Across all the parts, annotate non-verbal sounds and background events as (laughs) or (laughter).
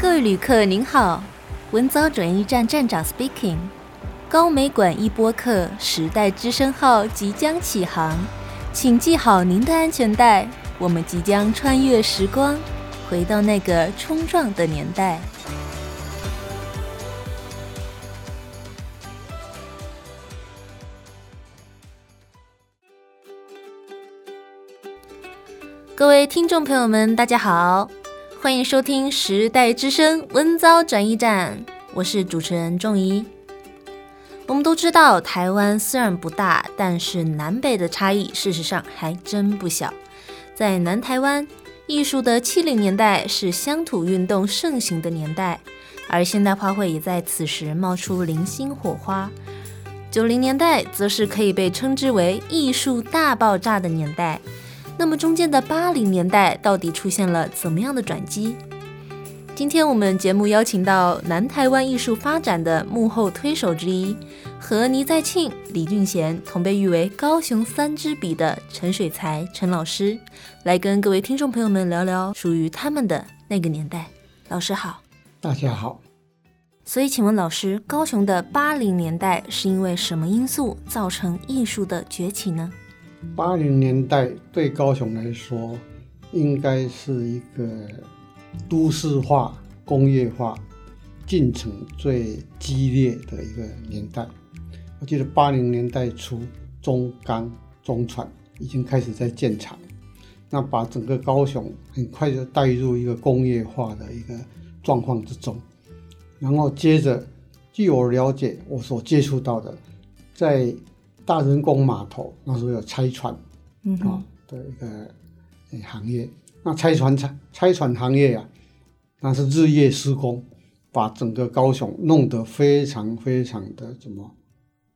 各位旅客，您好，文藻轉運站站長 speaking，高美館一播客時代之聲號即將啟航，請繫好您的安全帶，我們即將穿越時光，回到那個衝撞的年代。各位聽眾朋友們，大家好。歡迎收聽《時代之聲·文藻轉譯站》，我是主持人仲怡。我們都知道，台灣雖然不大，但是南北的差異，事實上還真不小。在南台灣，藝術的七零年代是鄉土運動盛行的年代，而現代畫會也在此時冒出零星火花。九零年代，則是可以被稱之為藝術大爆炸的年代。那麼中間的八零年代到底出現了怎麼樣的轉機？今天我們節目邀請到南台灣藝術發展的幕後推手之一、和倪在慶、李俊賢同被譽為“高雄三支筆”的陳水財陳老師，來跟各位聽眾朋友們聊聊屬於他們的那個年代。老師好，大家好。所以請問老師，高雄的八零年代是因為什麼因素造成藝術的崛起呢？八零年代對高雄來說，應該是一個都市化、工業化進程最激烈的一個年代。我記得八零年代初，中鋼、中船已經開始在建廠，那把整個高雄很快就帶入一個工業化的一個狀況之中。然後接着，據我了解，我所接觸到的，在大人工碼頭那時候要拆船，嗯、啊的一個行業，那拆船拆船行業呀、啊，那是日夜施工，把整個高雄弄得非常非常的什麼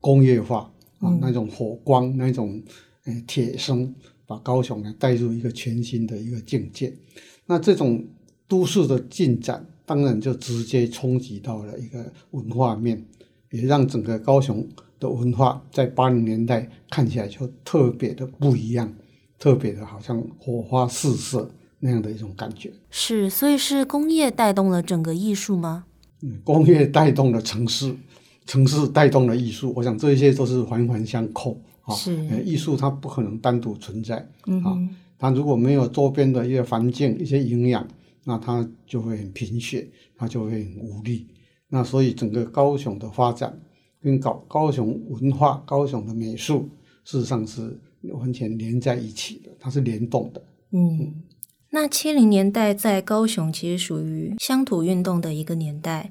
工業化、嗯、啊那種火光那種、呃、鐵聲，把高雄呢帶入一個全新的一個境界。那這種都市的進展，當然就直接衝擊到了一個文化面，也讓整個高雄。的文化在八零年代看起來就特別的不一樣，特別的好像火花四射那樣的一種感覺。是，所以是工業帶動了整個藝術嗎？嗯，工業帶動了城市，城市帶動了藝術。我想這一些都是環環相扣哈，是、啊，藝術它不可能單獨存在啊。它如果沒有周邊的一些環境、一些營養，那它就會很貧血，它就會很無力。那所以整個高雄的發展。跟高高雄文化、高雄的美術，事實上是完全連在一起的，它是聯動的。嗯，那七零年代在高雄其實屬於鄉土運動的一個年代。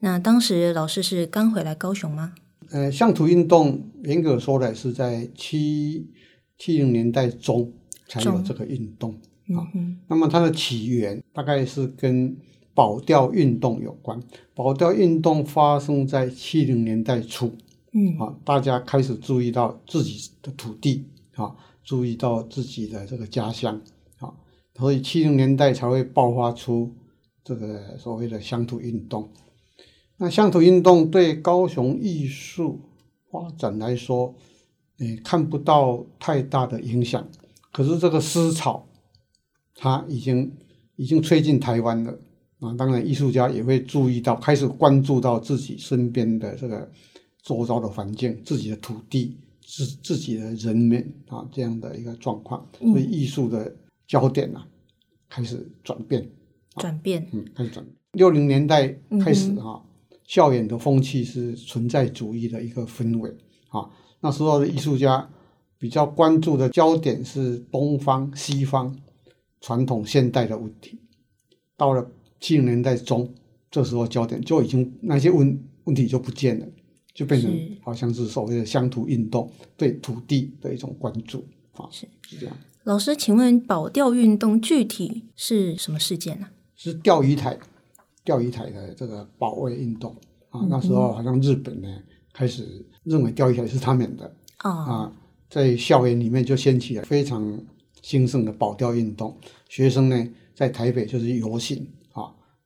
那當時老師是剛回來高雄嗎？呃，鄉土運動嚴格說來是在七七零年代中才有這個運動啊、嗯嗯。那麼它的起源大概是跟。保釣運動有關，保釣運動發生在七零年代初，啊、嗯，大家開始注意到自己的土地，啊，注意到自己的這個家鄉，啊，所以七零年代才會爆發出這個所謂的鄉土運動。那鄉土運動對高雄藝術發展來說，你看不到太大的影響，可是這個思潮，它已經已經吹進台灣了。啊，當然，藝術家也會注意到，開始關注到自己身邊的這個周遭的環境、自己的土地、自自己的人民啊，這樣的一個狀況，嗯、所以藝術的焦點呢、啊，開始轉變、啊。轉變，嗯，開始轉變。六零年代開始啊，校園的風氣是存在主義的一個氛圍啊。那時候的藝術家比較關注的焦點是東方、西方、傳統、現代的問題，到了。七零年代中，這時候焦點就已經那些問問題就不見了，就變成好、啊、像是所謂的鄉土運動對土地的一種關注、啊、是、是這樣。老師，請問保釣運動具體是什麼事件呢？是釣魚台，釣魚台的這個保衛運動啊。那時候好像日本呢嗯、嗯、開始認為釣魚台是他們的、哦、啊，在校園裡面就掀起了非常興盛的保釣運動，學生呢在台北就是遊行。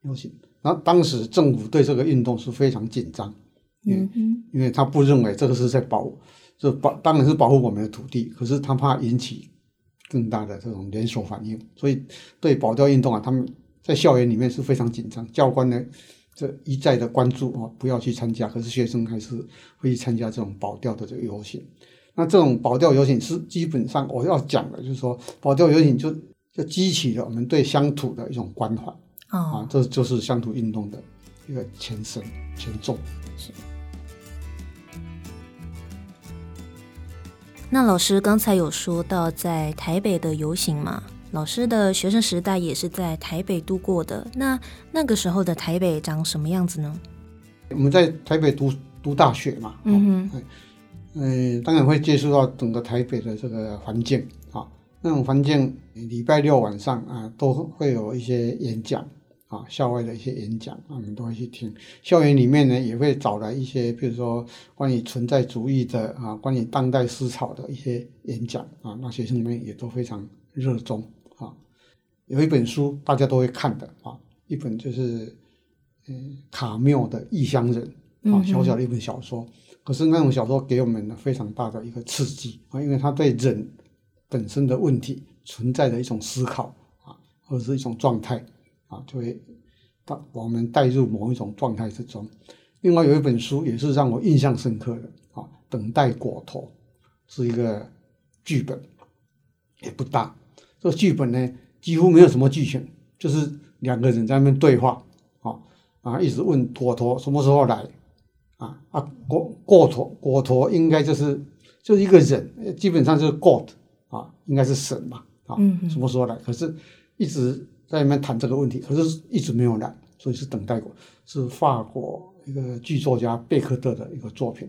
遊行，然後當時政府對這個運動是非常緊張，因為、嗯、因為他不認為這個是在保，這保當然是保護我們的土地，可是他怕引起更大的這種連鎖反應，所以對保釣運動啊，他們在校園裡面是非常緊張，教官呢這一再的關注啊、哦，不要去參加，可是學生還是會去參加這種保釣的這個遊行。那這種保釣遊行是基本上我要講的，就是說保釣遊行就就激起了我們對鄉土的一種關懷。哦、啊，這就是鄉土運動的一個前身前奏。是。那老師剛才有說到在台北的遊行嘛，老師的學生時代也是在台北度過的。那那個時候的台北長什麼樣子呢？我們在台北讀讀大學嘛，哦、嗯嗯、呃，當然會接觸到整個台北的這個環境啊、哦。那種環境，禮拜六晚上啊，都會有一些演講。啊，校外的一些演講啊，我們都會去聽。校園裡面呢，也會找來一些，比如說關於存在主義的啊，關於當代思潮的一些演講啊，那學生裡面也都非常熱衷啊。有一本書大家都會看的啊，一本就是嗯卡繆的《異鄉人》啊，小小的一本小說，嗯嗯可是那種小說給我們呢非常大的一個刺激啊，因為它對人本身的問題存在著一種思考啊，或是一種狀態。啊，就會把我們帶入某一種狀態之中。另外有一本書也是讓我印象深刻的啊，《等待果陀》是一個劇本，也不大。這個劇本呢，幾乎沒有什麼劇情，就是兩個人在那邊對話。啊，啊，一直問果陀什麼時候來啊？啊，果果陀果陀應該就是就是一個人，基本上就是 God 啊，應該是神嘛啊？什麼時候來？可是，一直，在裡面談這個問題，可是一直沒有來，所以是等待過。是法國一個劇作家貝克特的一個作品，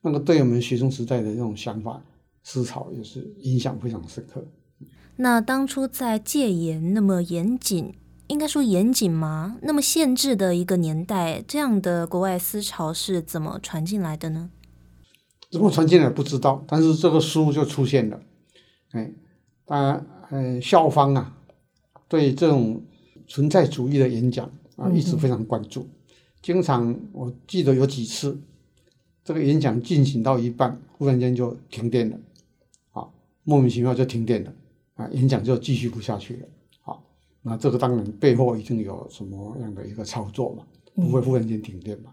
那麼對我們學生時代的這種想法思潮也是影響非常深刻。那當初在戒嚴那麼嚴謹，應該說嚴謹嗎？那麼限制的一個年代，這樣的國外思潮是怎麼傳進來的呢？怎麼傳進來不知道，但是這個書就出現了。哎，當然，嗯，校方啊。所以這種存在主義的演講啊，一直非常關注。經常我記得有幾次，這個演講進行到一半，忽然間就停電了，啊，莫名其妙就停電了，啊，演講就繼續不下去了，啊，那這個當然背後一定有什麼樣的一個操作嘛，不會忽然間停電嘛。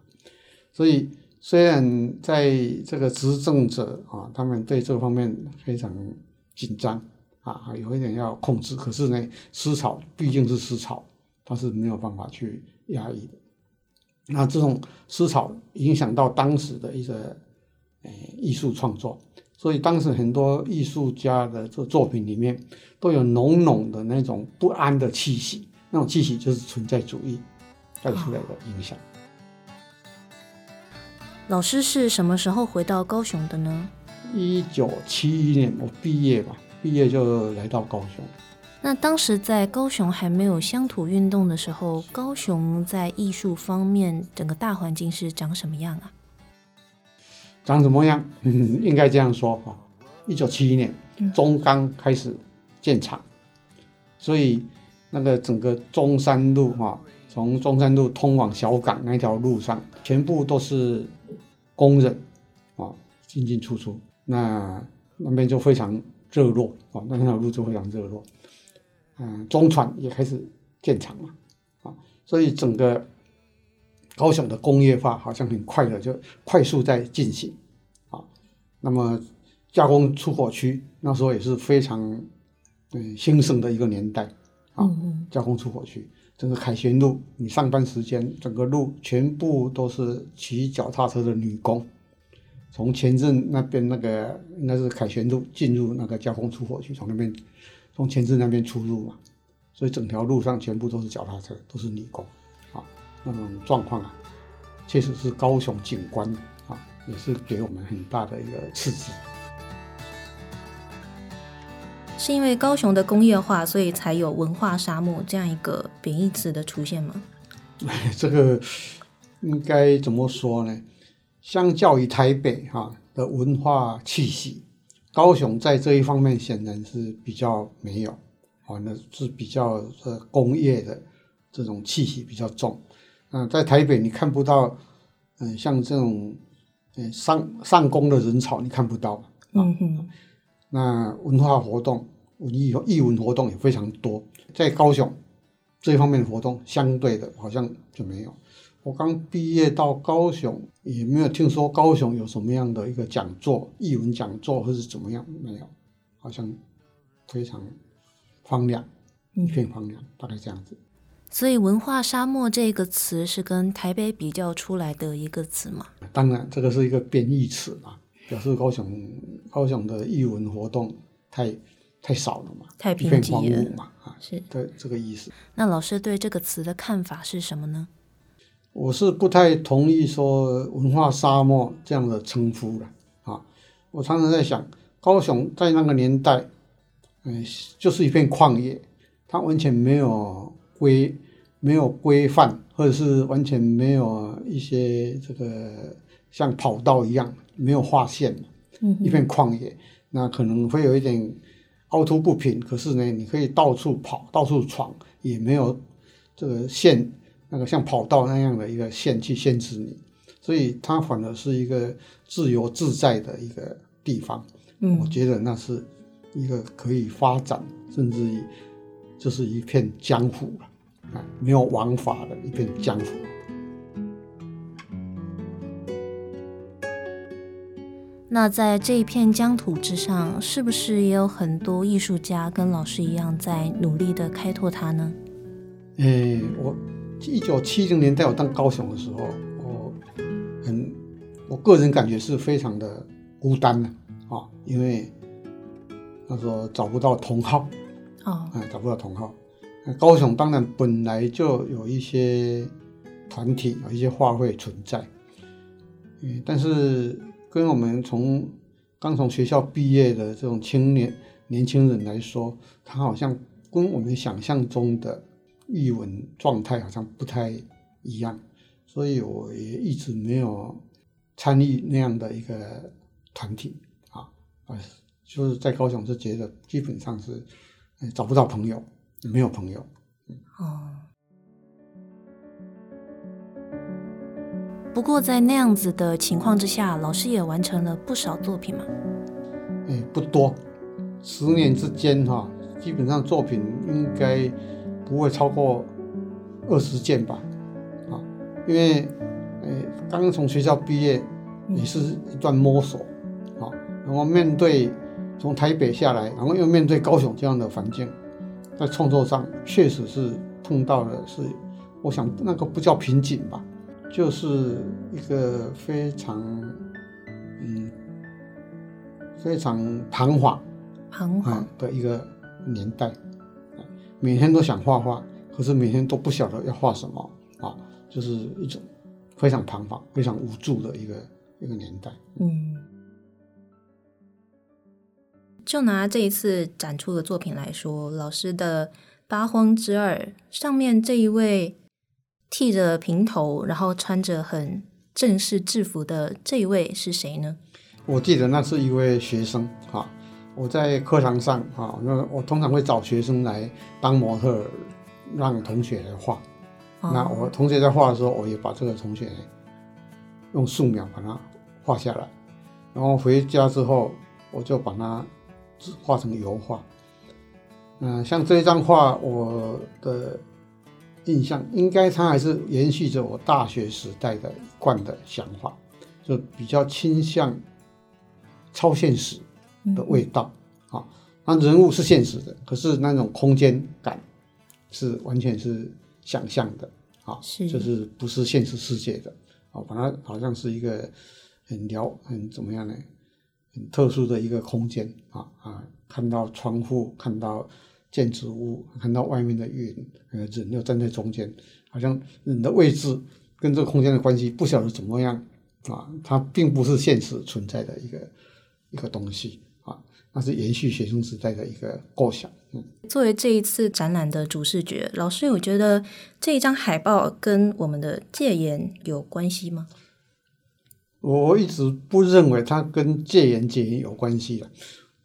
所以雖然在這個執政者啊，他們對這方面非常緊張。啊，有一點要控制，可是呢，思潮畢竟是思潮，它是沒有辦法去壓抑的。那這種思潮影響到當時的一個誒、呃、藝術創作，所以當時很多藝術家的作作品裡面都有濃濃的那種不安的氣息，那種氣息就是存在主義帶出來的影響、啊。老師是什麼時候回到高雄的呢？一九七一年我畢業了。畢業就來到高雄，那當時在高雄還沒有鄉土運動的時候，高雄在藝術方面整個大環境是長什麼樣啊？長什麼樣？ (laughs) 應該這樣說哈，一九七一年中鋼開始建廠，所以那個整個中山路哈，從中山路通往小港那條路上，全部都是工人啊進進出出，那那邊就非常。熱絡啊，哦、那時路就非常熱絡，嗯、呃，中船也開始建廠了，啊、哦，所以整個高雄的工業化好像很快的就快速在進行，啊、哦，那麼加工出口區那時候也是非常，嗯、呃，興盛的一個年代，啊、哦嗯嗯，加工出口區，整個凱旋路，你上班時間整個路全部都是騎腳踏車的女工。從前鎮那邊那個應該是凱旋路進入那個加工出貨區，從那邊從前鎮那邊出入嘛，所以整條路上全部都是腳踏車，都是女工，啊，那種狀況啊，確實是高雄景觀啊，也是給我們很大的一個刺激。是因為高雄的工業化，所以才有文化沙漠這樣一個貶義詞的出現嗎？這個應該怎麼說呢？相較於台北哈的文化氣息，高雄在這一方面顯然是比較沒有，啊，那是比較呃工業的這種氣息比較重。啊，在台北你看不到，嗯，像這種嗯上上工的人潮你看不到。啊、嗯，那文化活動、文藝、藝文活動也非常多，在高雄這方面的活動相對的好像就沒有。我剛畢業到高雄，也沒有聽說高雄有什麼樣的一個講座、藝文講座，或是怎麼樣，沒有，好像非常荒涼、嗯，一片荒涼，大概這樣子。所以“文化沙漠”這個詞是跟台北比較出來的一個詞嘛？當然，這個是一個貶義詞嘛，表示高雄、高雄的藝文活動太太少了嘛，太平荒蕪嘛，啊，是，對這個意思。那老師對這個詞的看法是什麼呢？我是不太同意說“文化沙漠”這樣的稱呼了啊！我常常在想，高雄在那個年代，呃、就是一片曠野，它完全沒有規、沒有規範，或者是完全沒有一些這個像跑道一樣沒有劃線、嗯，一片曠野，那可能會有一點凹凸不平。可是呢，你可以到處跑、到處闖，也沒有這個線。那個像跑道那樣的一個線去限制你，所以它反而是一個自由自在的一個地方。嗯，我覺得那是一個可以發展，甚至於這是一片江湖啊，啊，沒有王法的一片江湖。那在這一片疆土之上，是不是也有很多藝術家跟老師一樣在努力的開拓它呢？誒，我。一九七零年代我當高雄的時候，我很，我個人感覺是非常的孤單的啊、哦，因為那時候找不到同好，啊、哦嗯，找不到同好。高雄當然本來就有一些團體，有一些畫會存在，嗯，但是跟我們從剛從學校畢業的這種青年年輕人來說，他好像跟我們想象中的。藝文狀態好像不太一樣，所以我也一直沒有參與那樣的一個團體啊。啊，就是在高雄是覺得基本上是、哎、找不到朋友，沒有朋友、嗯哦。不過在那樣子的情況之下，老師也完成了不少作品嘛、哎。不多，十年之間哈、啊，基本上作品應該。不會超過二十件吧，啊，因為哎剛剛從學校畢業，也是一段摸索，啊，然後面對從台北下來，然後又面對高雄這樣的環境，在創作上確實是碰到了，是我想那個不叫瓶頸吧，就是一個非常嗯非常彷徨彷徨的一個年代。每天都想畫畫，可是每天都不曉得要畫什麼啊！就是一種非常彷徨、非常無助的一個一個年代。嗯，就拿這一次展出的作品來說，老師的《八荒之二》上面這一位剃着平頭，然後穿着很正式制服的這一位是誰呢？我記得那是一位學生啊。我在課堂上哈，那我通常會找學生來當模特，讓同學來畫，哦。那我同學在畫的時候，我也把這個同學用素描把它畫下來。然後回家之後，我就把它畫成油畫。嗯，像這張畫，我的印象應該它還是延續着我大學時代的一貫的想法，就比較傾向超現實。嗯、的味道，啊，那人物是現實的，可是那種空間感是完全是想象的，啊是，就是不是現實世界的，啊，反正好像是一個很遼、很怎麼樣呢？很特殊的一個空間，啊啊，看到窗戶，看到建築物，看到外面的雲，呃，人又站在中間，好像人的位置跟這個空間的關係不曉得怎麼樣，啊，它並不是現實存在的一個一個東西。那是延續學生時代的一個構想。嗯，作為這一次展覽的主視覺，老師有覺得這一張海報跟我們的戒嚴有關係嗎？我一直不認為它跟戒嚴、戒嚴有關係了，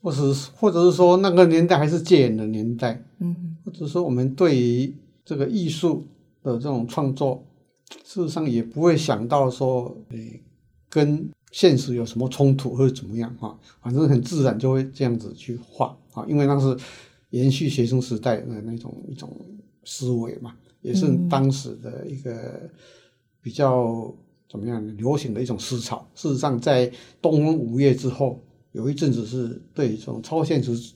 或者或者是說那個年代還是戒嚴的年代。嗯，或者說我們對於這個藝術的這種創作，事實上也不會想到說，哎，跟。現實有什麼衝突或者怎麼樣、啊、反正很自然就會這樣子去畫啊，因為那是延續學生時代的那種一種思維嘛，也是當時的一個比較怎麼樣流行的一種思潮。嗯、事實上，在《東風五月》之後，有一陣子是對這種超現實、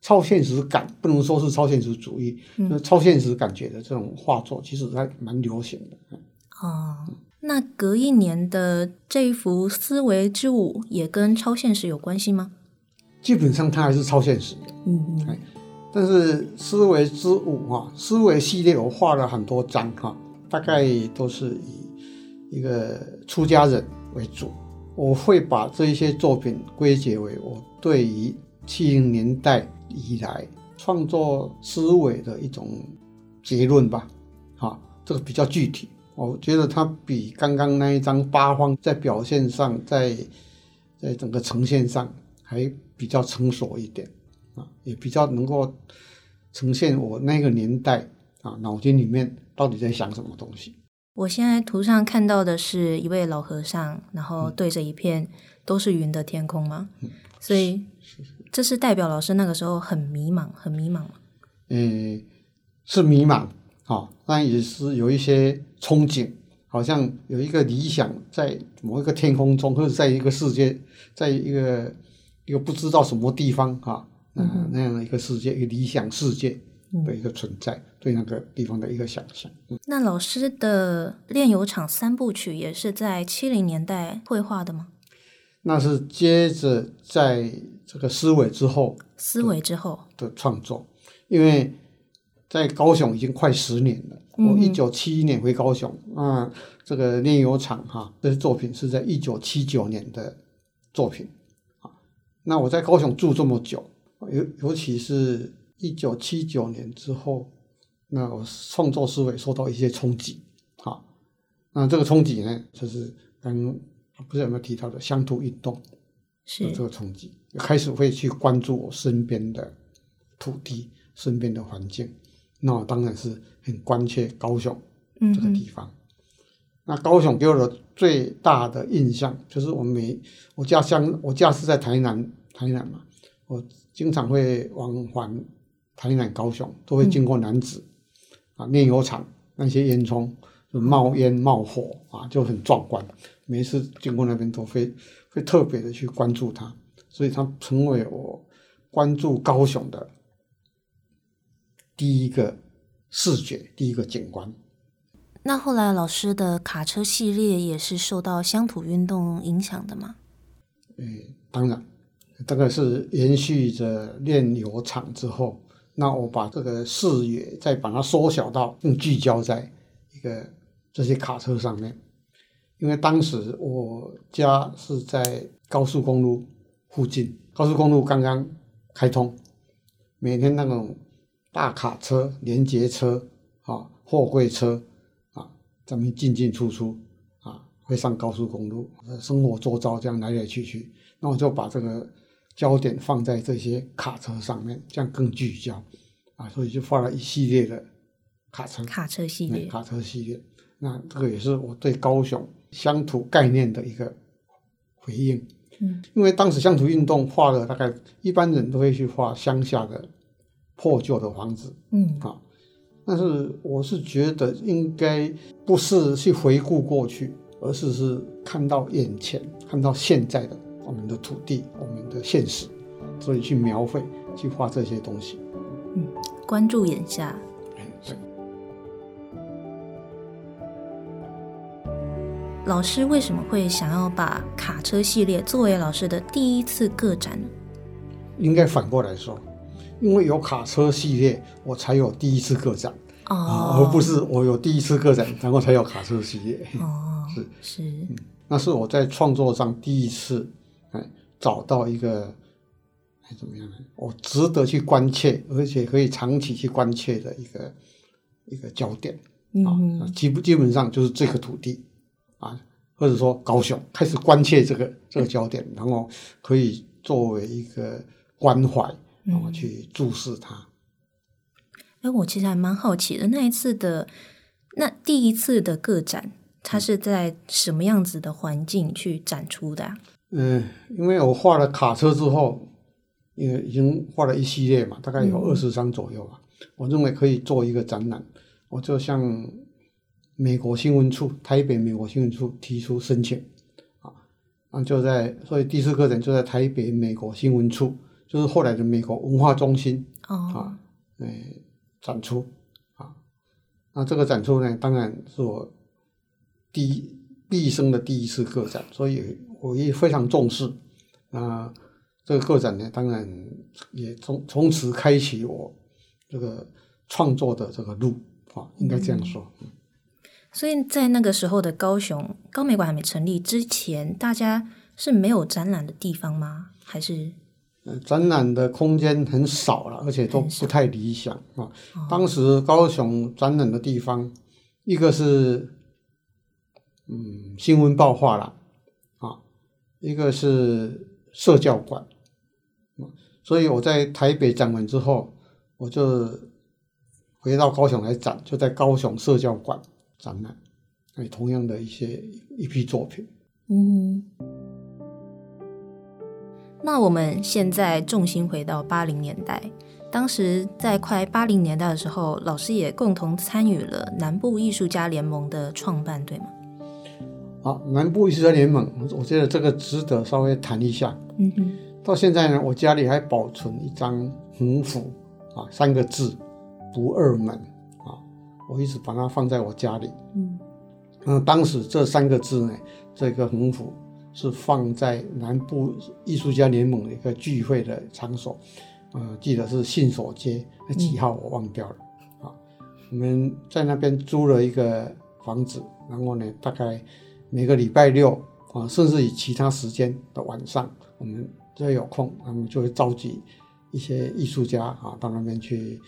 超現實感，不能說是超現實主義，嗯，就是、超現實感覺的這種畫作，其實還蠻流行的。哦嗯那隔一年的這一幅《思維之舞》也跟超現實有關係嗎？基本上它還是超現實的，嗯嗯。但是《思維之舞》哈，《思維系列》我畫了很多張哈，大概都是以一個出家人為主。我會把這一些作品歸結為我對於七零年代以來創作思維的一種結論吧。哈，這個比較具體。我覺得他比剛剛那一張八荒在表現上，在在整個呈現上還比較成熟一點啊，也比較能夠呈現我那個年代啊腦筋裡面到底在想什麼東西。我現在圖上看到的是一位老和尚，然後對着一片都是雲的天空嗎？嗯，所以這是代表老師那個時候很迷茫，很迷茫嗎？嗯，是迷茫。啊、哦，那也是有一些憧憬，好像有一個理想在某一個天空中，或者在一個世界，在一個一個不知道什麼地方啊、嗯，那樣的一個世界，一個理想世界的一個存在、嗯，對那個地方的一個想象。、嗯。那老師的煉油廠三部曲也是在七零年代繪畫的嗎？那是接着在這個思維之後，思維之後的創作，因為、嗯。在高雄已經快十年了。我一九七一年回高雄，那、嗯呃、這個煉油廠哈，這些作品是在一九七九年的作品。啊，那我在高雄住這麼久，尤尤其是，一九七九年之後，那我創作思維受到一些衝擊。啊，那這個衝擊呢，就是剛剛不知道有沒有提到的鄉土運動，有這個衝擊，開始會去關注我身邊的土地、身邊的環境。那我當然是很關切高雄這個地方，嗯。那高雄給我的最大的印象，就是我每我家鄉，我家是在台南，台南嘛，我經常會往返台南高雄，都會經過楠梓、嗯、啊煉油廠那些煙囪冒煙冒火啊，就很壯觀。每一次經過那邊都會會特別的去關注它，所以它成為我關注高雄的。第一個視覺，第一個景觀。那後來老師的卡車系列，也是受到鄉土運動影響的嗎？嗯，當然，大概是延續着煉油廠之後，那我把這個視野再把它縮小到更聚焦在一個這些卡車上面，因為當時我家是在高速公路附近，高速公路剛剛開通，每天那種。大卡車、連接車、啊，貨櫃車，啊，咱們進進出出，啊，會上高速公路，生活周遭這樣來來去去，那我就把這個焦點放在這些卡車上面，這樣更聚焦，啊，所以就畫了一系列的卡車，卡車系列，卡車系列，那這個也是我對高雄鄉土概念的一個回應，嗯，因為當時鄉土運動畫的大概一般人都會去畫鄉下的。破舊的房子，嗯，好，但是我是覺得應該不是去回顧過去，而是是看到眼前，看到現在的我們的土地，我們的現實，所以去描繪，去畫這些東西。嗯，關注眼下。老師為什麼會想要把卡車系列作為老師的第一次個展呢？應該反過來說。因為有卡車系列，我才有第一次個展，哦，而不是我有第一次個展，然後才有卡車系列。哦，是是，嗯，那是我在創作上第一次，哎，找到一個哎，怎麼樣呢？我值得去關切，而且可以長期去關切的一個一個焦點，嗯，啊，基不基本上就是這個土地啊，或者說高雄，開始關切這個這個焦點，嗯，然後可以作為一個關懷。然後我去注視它。哎、嗯，欸，我其實還蠻好奇的，那一次的那第一次的個展，它是在什麼樣子的環境去展出的、啊？嗯，因為我畫了卡車之後，因為已經畫了一系列嘛，大概有二十張左右吧、嗯。我認為可以做一個展覽，我就向美國新聞處，台北美國新聞處提出申請。啊，那就在，所以第一次個展就在台北美國新聞處。就是後來的美國文化中心、哦、啊，哎、欸，展出啊，那這個展出呢，當然是我第一畢生的第一次個展，所以我也非常重視啊。這個個展呢，當然也從從此開啟我這個創作的這個路啊，應該這樣說、嗯。所以在那個時候的高雄，高美館還沒成立之前，大家是沒有展覽的地方嗎？還是？呃、展覽的空間很少了，而且都不太理想啊。當時高雄展覽的地方，一個是嗯新聞報畫了啊，一個是社教館。所以我在台北展完之後，我就回到高雄來展，就在高雄社教館展覽，哎，同樣的一些一批作品。嗯，嗯。那我們現在重心回到八零年代，當時在快八零年代的時候，老師也共同參與了南部藝術家聯盟的創辦，對嗎？好、啊，南部藝術家聯盟，我覺得這個值得稍微談一下。嗯哼、嗯，到現在呢，我家裡還保存一張橫幅啊，三個字“不二門”啊，我一直把它放在我家裡。嗯，那、啊、當時這三個字呢，這個橫幅。是放在南部藝術家聯盟的一個聚會的場所，呃，記得是信所街那幾號我忘掉了，嗯、啊。我們在那邊租了一個房子，然後呢，大概每個禮拜六啊，甚至於其他時間的晚上，我們只要有空，我們就會召集一些藝術家啊到那邊去，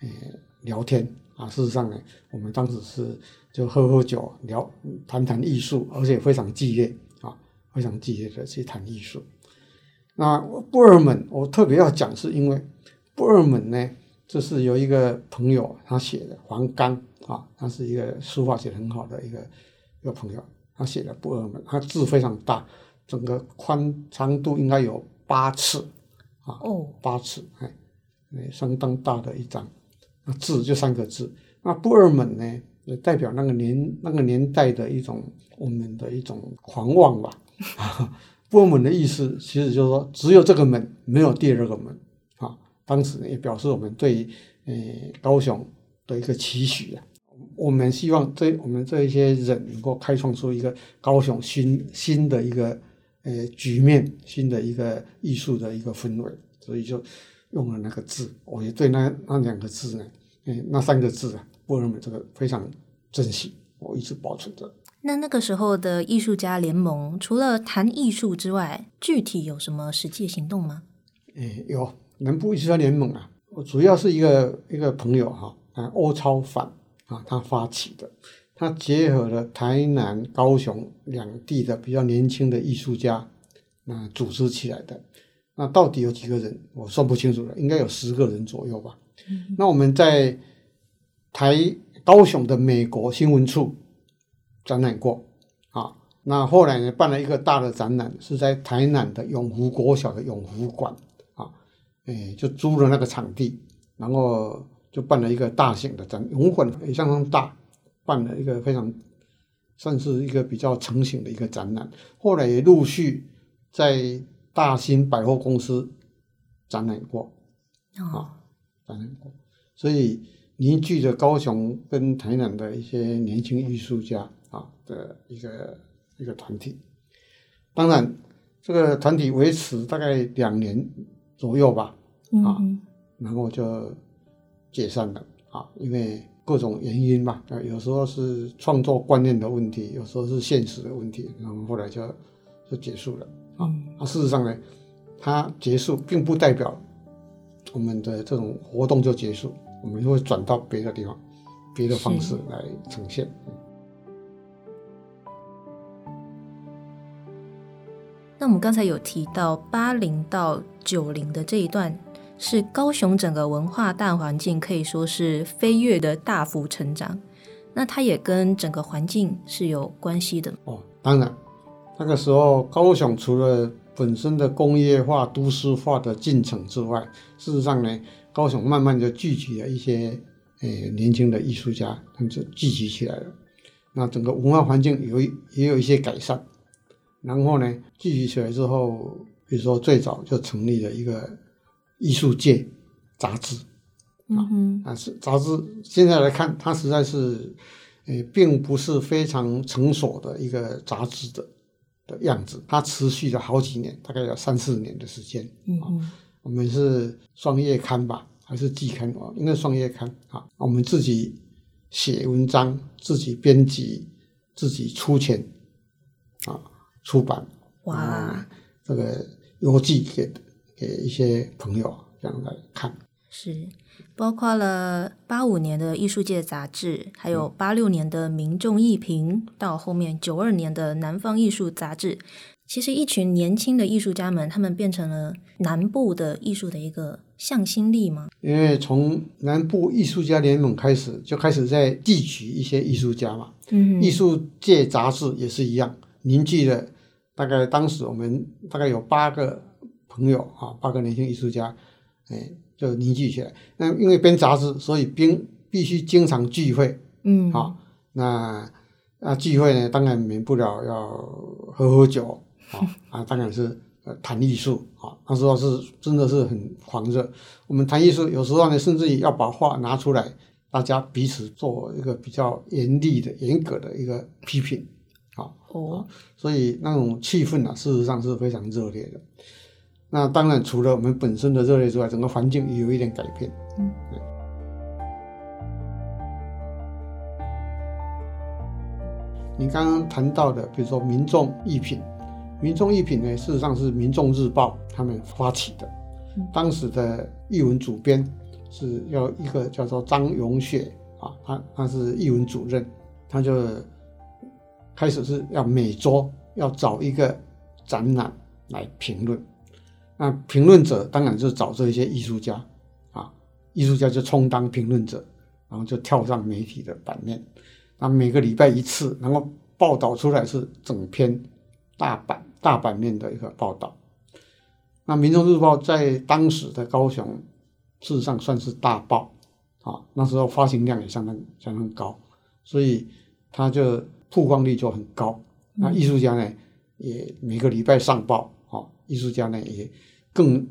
呃、欸，聊天啊。事實上呢，我們當時是就喝喝酒，聊談談藝術，而且非常激烈。非常激烈的去談藝術。那不二門，我特別要講，是因為不二門呢，這是有一個朋友他寫的黃岡，啊，他是一個書法寫得很好的一個一個朋友，他寫的不二門，他字非常大，整個寬長度應該有八尺啊，哦，八尺哎，相當大的一張，那字就三個字，那不二門呢，也代表那個年那個年代的一種我們的一種狂妄吧。不二 (laughs) 門的意思，其實就是說，只有這個門，沒有第二個門啊。當時也表示我們對誒、呃、高雄的一個期許啊。我們希望這我們這一些人能夠開創出一個高雄新新的一個誒、呃、局面，新的一個藝術的一個氛圍。所以就用了那個字。我也對那那兩個字呢，嗯、呃，那三個字啊，不二門這個非常珍惜，我一直保存着。那那個時候的藝術家聯盟，除了談藝術之外，具體有什麼實際行動嗎？哎，有南部藝術家聯盟啊，我主要是一個一個朋友哈，啊，歐超凡啊，他發起的，他結合了台南、高雄兩地的比較年輕的藝術家，那、呃、組織起來的，那到底有幾個人？我算不清楚了，應該有十個人左右吧。嗯、那我們在台高雄的美國新聞處。展覽過啊，那後來呢，辦了一個大的展覽，是在台南的永福國小的永福館啊，哎、欸、就租了那個場地，然後就辦了一個大型的展覽，永福館也相當大，辦了一個非常，算是一個比較成型的一個展覽。後來也陸續在大新百貨公司展覽過啊，展覽過，所以凝聚着高雄跟台南的一些年輕藝術家。啊的一個一個團體，當然這個團體維持大概兩年左右吧，啊、嗯嗯，然後就解散了啊，因為各種原因吧，有時候是創作觀念的問題，有時候是現實的問題，然後後來就就結束了、嗯、啊。那事實上呢，它結束並不代表我們的這種活動就結束，我們會轉到別的地方，別的方式來呈現。那我們剛才有提到八零到九零的這一段，是高雄整個文化大環境可以說是飛躍的大幅成長。那它也跟整個環境是有關係的哦。當然，那個時候高雄除了本身的工業化、都市化的進程之外，事實上呢，高雄慢慢的聚集了一些呃、哎、年輕的藝術家，他們就聚集起來了，那整個文化環境有也有一些改善。然後呢，聚集起來之後，比如說最早就成立了一個藝術界雜誌，嗯、啊，但是雜誌現在來看，它實在是、呃，並不是非常成熟的一個雜誌的的樣子。它持續了好幾年，大概有三四年的時間。啊、嗯，我們是雙月刊吧，還是季刊啊？應該是雙月刊啊。我們自己寫文章，自己編輯，自己出錢啊。出版哇、啊，這個郵寄給給一些朋友這樣來看，是包括了八五年的藝術界雜誌，還有八六年的民眾藝評，到後面九二年的南方藝術雜誌。其實一群年輕的藝術家們，他們變成了南部的藝術的一個向心力嘛。因為從南部藝術家聯盟開始，就開始在聚集一些藝術家嘛，嗯哼，藝術界雜誌也是一樣凝聚了。大概當時我們大概有八個朋友啊，八個年輕藝術家，哎，就凝聚起來。那因為編雜誌，所以編必須經常聚會，嗯，好、哦，那那聚會呢，當然免不了要喝喝酒，啊、哦，當然是談藝術，啊、哦，那時候是真的是很狂熱。我們談藝術，有時候呢，甚至於要把畫拿出來，大家彼此做一個比較嚴厲的、嚴格的一個批評。好哦，所以那種氣氛呢、啊，事實上是非常熱烈的。那當然，除了我們本身的熱烈之外，整個環境也有一點改變嗯。嗯。你剛剛談到的，比如說民眾藝品，民眾藝品呢，事實上是民眾日報他們發起的、嗯，當時的藝文主編是要一個叫做張永雪啊，他他是藝文主任，他就。開始是要每週，要找一個展覽來評論，那評論者當然就是找這些藝術家，啊，藝術家就充當評論者，然後就跳上媒體的版面，那每個禮拜一次，然後報道出來是整篇大版大版面的一個報道。那《民眾日報》在當時的高雄事實上算是大報，啊，那時候發行量也相當相當高，所以他就。曝光率就很高，那藝術家呢也每個禮拜上報，啊、哦，藝術家呢也更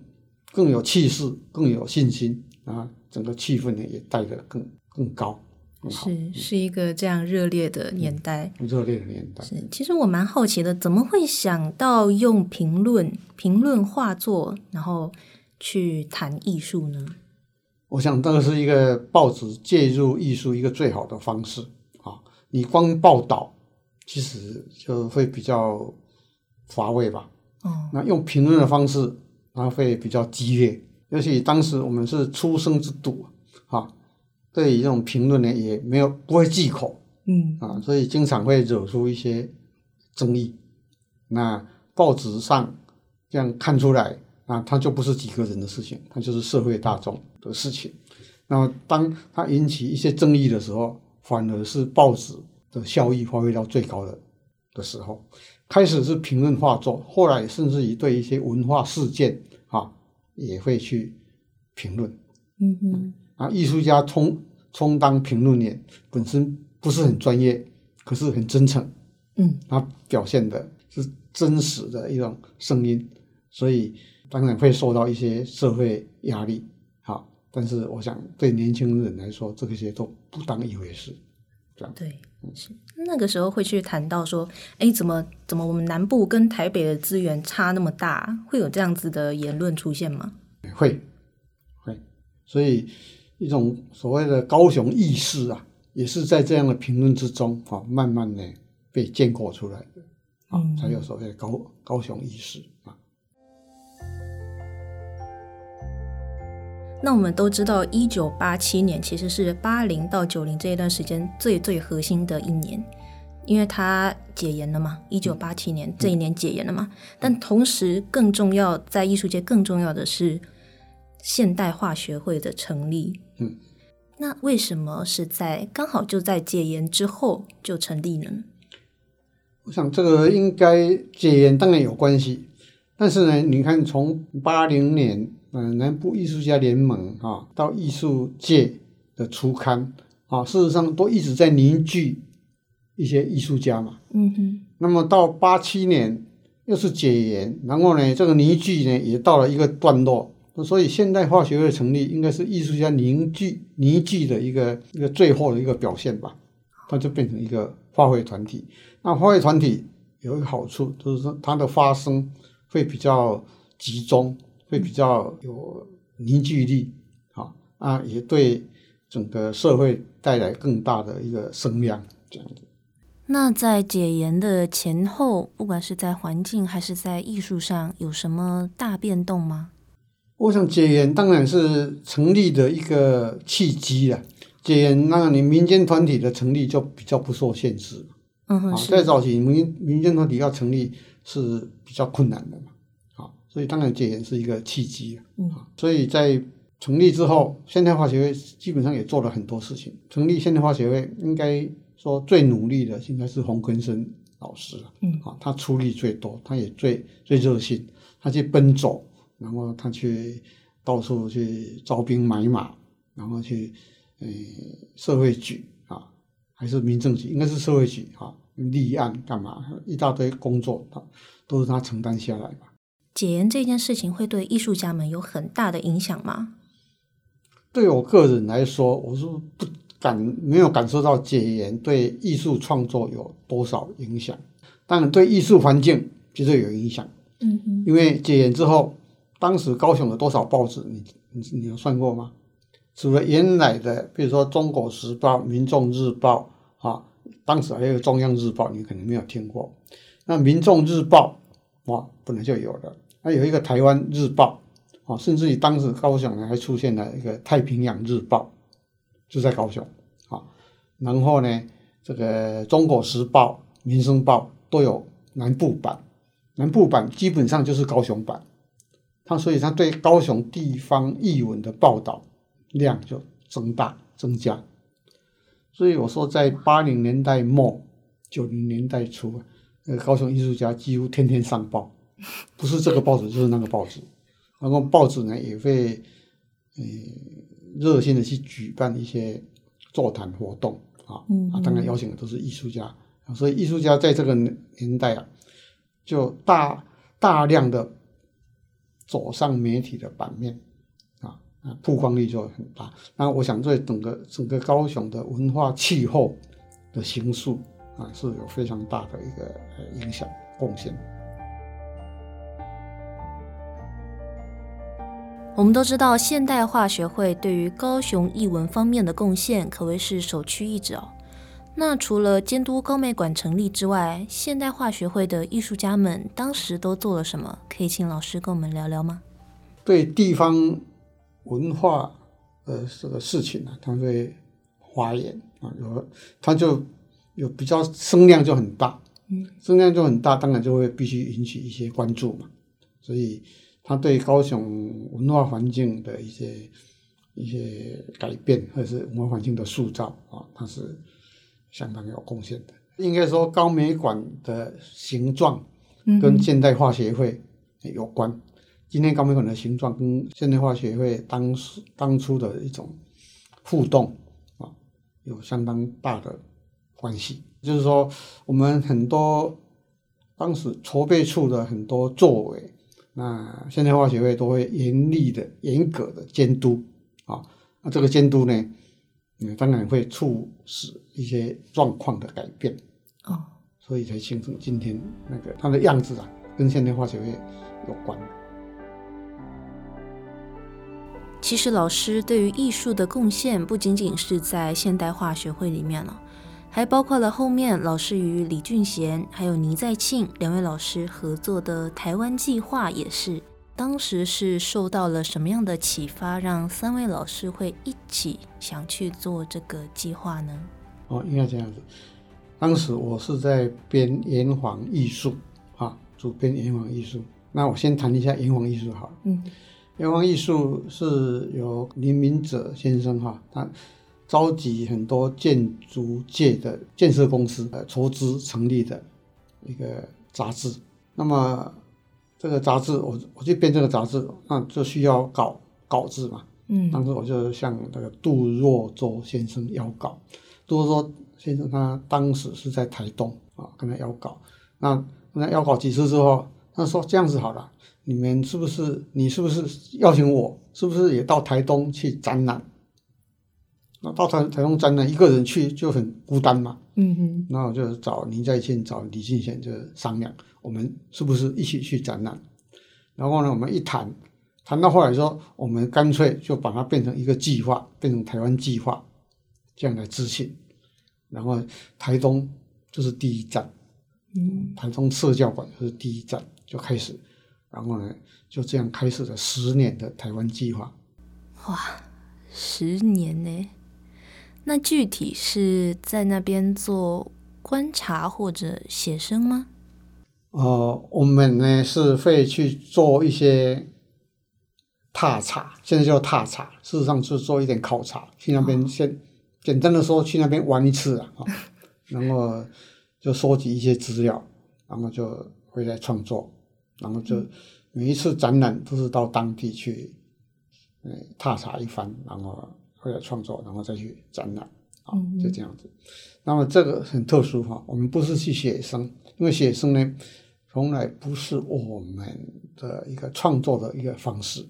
更有氣勢，更有信心，啊，整個氣氛呢也帶得更更高更好。是是一個這樣熱烈的年代。嗯，熱烈的年代。是，其實我蠻好奇的，怎麼會想到用評論評論畫作，然後去談藝術呢？我想，這個是一個報紙介入藝術一個最好的方式啊、哦，你光報道。其實就會比較乏味吧。啊、哦，那用評論的方式、嗯，它會比較激烈。尤其當時我們是初生之犢，啊，對於這種評論呢，也沒有不會忌口。嗯，啊，所以經常會惹出一些爭議。那報紙上這樣看出來，啊，它就不是幾個人的事情，它就是社會大眾的事情。那麼，當它引起一些爭議的時候，反而是報紙的效益發揮到最高的的時候，開始是評論畫作，後來甚至於對一些文化事件，哈、啊，也會去評論。嗯哼。啊，藝術家充充當評論員本身不是很專業、嗯，可是很真誠。嗯。他表現的是真實的一種聲音，所以當然會受到一些社會壓力。好、啊，但是我想對年輕人來說，這些都不當一回事。對，是那個時候會去談到說，哎，怎麼怎麼我們南部跟台北的資源差那麼大，會有這樣子的言論出現嗎？會，會，所以一種所謂的高雄意識啊，也是在這樣的評論之中啊，慢慢的被建構出來的啊、嗯，才有所謂的高高雄意識啊。那我們都知道，一九八七年其實是八零到九零這一段時間最最核心的一年，因為它解嚴了嘛。一九八七年、嗯、這一年解嚴了嘛。但同時，更重要在藝術界更重要的是，現代畫學會的成立。嗯。那為什麼是在剛好就在解嚴之後就成立呢？我想這個應該解嚴當然有關係，但是呢，你看從八零年。嗯，南部藝術家聯盟啊，到藝術界的出刊啊，事實上都一直在凝聚一些藝術家嘛。嗯嗯。那麼到八七年又是解嚴，然後呢，這個凝聚呢也到了一個段落。所以現代畫學會的成立，應該是藝術家凝聚凝聚的一個一個最後的一個表現吧。它就變成一個畫會團體。那畫會團體有一個好處，就是說它的發聲會比較集中。會比較有凝聚力，好啊，也對整個社會帶來更大的一個聲量，這樣子。那在解嚴的前後，不管是在環境還是在藝術上，有什麼大變動嗎？我想解嚴當然是成立的一個契機了。解嚴，那你民間團體的成立就比較不受限制，嗯哼，再、啊、早些民民間團體要成立是比較困難的所以，當然這也是一個契機、啊嗯、所以在成立之後，現代畫學會基本上也做了很多事情。成立現代畫學會，應該說最努力的應該是洪根深老師、啊、嗯，啊，他出力最多，他也最最熱心，他去奔走，然後他去到處去招兵買馬，然後去呃社會局啊，還是民政局，應該是社會局啊，立案幹嘛，一大堆工作，啊、都是他承擔下來吧。解嚴這件事情會對藝術家們有很大的影響嗎？對我個人來說，我是不敢，沒有感受到解嚴對藝術創作有多少影響，當然對藝術環境其實有影響。嗯嗯，因為解嚴之後，當時高雄有多少報紙？你你你有算過嗎？除了原來的，比如說《中國時報》《民眾日報》啊，當時還有《中央日報》，你可能沒有聽過。那《民眾日報》哇，本來就有了。還有一個台灣日報，啊，甚至於當時高雄呢，還出現了一個太平洋日報，就在高雄，啊，然後呢，這個中國時報、民生報都有南部版，南部版基本上就是高雄版，他所以他對高雄地方藝文的報道量就增大、增加，所以我說在八零年代末，九零年代初那個高雄藝術家幾乎天天上報。不是這個報紙，就是那個報紙。然後報紙呢，也會，呃，熱心地去舉辦一些座談活動啊，嗯嗯啊，當然邀請的都是藝術家。所以藝術家在這個年代啊，就大大量的走上媒體的版面啊，曝光率就很大。那我想對整個整個高雄的文化氣候的形塑啊，是有非常大的一個影響貢獻。我們都知道，現代畫學會對於高雄藝文方面的貢獻可謂是首屈一指哦。那除了監督高美館成立之外，現代畫學會的藝術家們當時都做了什麼？可以請老師跟我們聊聊嗎？對地方文化呃，這個事情呢，他會發言啊，有他就有比較聲量就很大，嗯，聲量就很大，當然就會必須引起一些關注嘛，所以。它對高雄文化環境的一些一些改變，或者是文化環境的塑造啊，它、哦、是相當有貢獻的。應該說，高美館的形狀跟現代畫學會有關、嗯。今天高美館的形狀跟現代畫學會當時當初的一種互動啊、哦，有相當大的關係。就是說，我們很多當時籌備處的很多作為。那現代畫學會都會嚴厲的、嚴格的監督啊、哦，那這個監督呢，嗯，當然會促使一些狀況的改變哦，所以才形成今天那個它的樣子啊，跟現代畫學會有關。其實，老師對於藝術的貢獻不僅僅是在現代畫學會裡面了。還包括了後面老師與李俊賢還有倪在慶兩位老師合作的台灣計劃，也是當時是受到了什麼樣的啟發，讓三位老師會一起想去做這個計劃呢？哦，應該這樣子。當時我是在編《炎黃藝術》啊，主編《炎黃藝術》。那我先談一下《炎黃藝術》好了。嗯，《炎黃藝術》是由林明哲先生哈、啊、他。召集很多建築界的建設公司，呃，籌資成立的一個雜誌。那麼這個雜誌，我我去編這個雜誌，那就需要稿稿子嘛。嗯，當時我就向那個杜若洲先生要稿。杜若洲先生他當時是在台東啊，跟他要稿。那跟他要稿幾次之後，他說這樣子好了，你們是不是你是不是邀請我，是不是也到台東去展覽？那到台台東展覽，一個人去就很孤單嘛。嗯哼。那我就找倪在慶、找李俊賢就商量，我們是不是一起去展覽？然後呢，我們一談談到後來說，說我們乾脆就把它變成一個計劃，變成台灣計劃這樣來執行，然後台東就是第一站，嗯，台中社教館就是第一站就開始，然後呢就這樣開始了十年的台灣計劃。哇，十年呢、欸？那具體是在那邊做觀察或者寫生嗎？哦、呃，我們呢是會去做一些踏查，現在叫踏查，事實上是做一點考察，去那邊先、哦、簡單的說去那邊玩一次啊、哦，然後就收集一些資料， (laughs) 然後就回來創作，然後就每一次展覽都是到當地去，呃、嗯，踏查一番，然後。或者創作，然後再去展覽。嗯嗯，啊，就這樣子。那麼這個很特殊哈、啊，我們不是去寫生，因為寫生呢從來不是我們的一個創作的一個方式、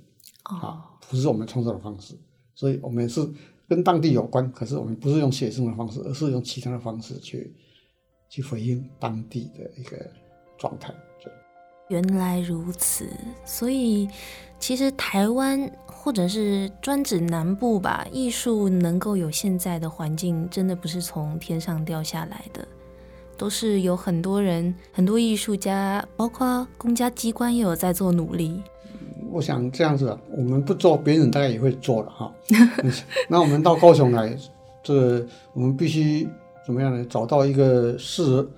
哦，啊，不是我們創作的方式。所以我們是跟當地有關，嗯、可是我們不是用寫生的方式，而是用其他的方式去去回應當地的一個狀態。原來如此，所以。其實台灣，或者是專指南部吧，藝術能夠有現在的環境，真的不是從天上掉下來的，都是有很多人，很多藝術家，包括公家機關也有在做努力。我想這樣子，啊，我們不做，別人大概也會做的哈。 (laughs) 那我們到高雄來，這個，我們必須怎麼樣呢？找到一個適合、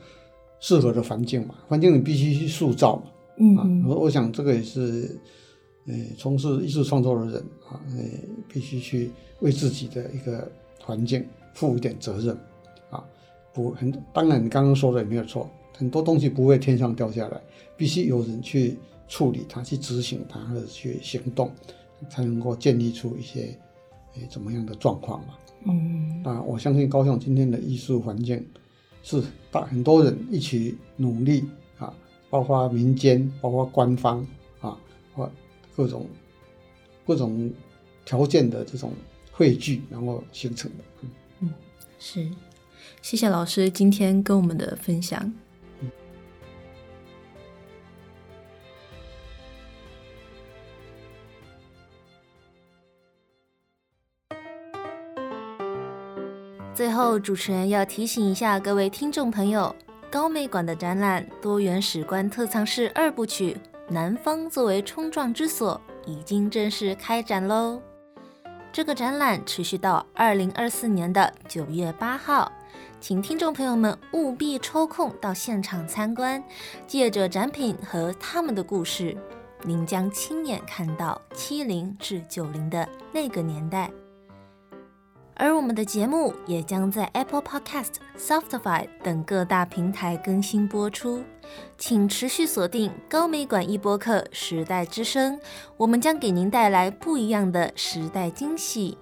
適合的環境嘛，環境你必須去塑造嘛。嗯，嗯，我，啊，我想這個也是。誒，從事藝術創作的人啊誒，必須去為自己的一個環境負一點責任啊。不，很當然，你剛剛說的也沒有錯，很多東西不會天上掉下來，必須有人去處理它、去執行它、去行動，才能夠建立出一些誒，怎麼樣的狀況嘛。嗯，那我相信高雄今天的藝術環境是大很多人一起努力啊，包括民間，包括官方啊，或。各種各種條件的這種匯聚，然後形成的。嗯，是，謝謝老師今天跟我們的分享。嗯嗯、最後，主持人要提醒一下各位聽眾朋友：高美館的展覽《多元史觀特藏室二部曲》。南方作為衝撞之所，已經正式開展嘍。這個展覽持續到二零二四年的九月八號，請聽眾朋友們務必抽空到現場參觀，借着展品和他們的故事，您將親眼看到七零至九零的那個年代。而我們的節目也將在 Apple Podcast、Spotify 等各大平台更新播出，請持續鎖定高美館一播客、時代之聲，我們將給您帶來不一樣的時代驚喜。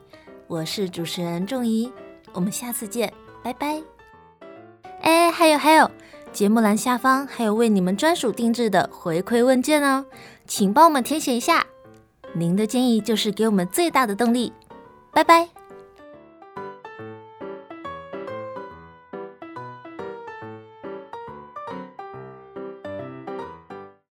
我是主持人仲怡，我們下次見，拜拜。哎，還有還有，節目欄下方還有為你們專屬定製的回饋問卷哦，請幫我們填寫一下，您的建議就是給我們最大的動力。拜拜。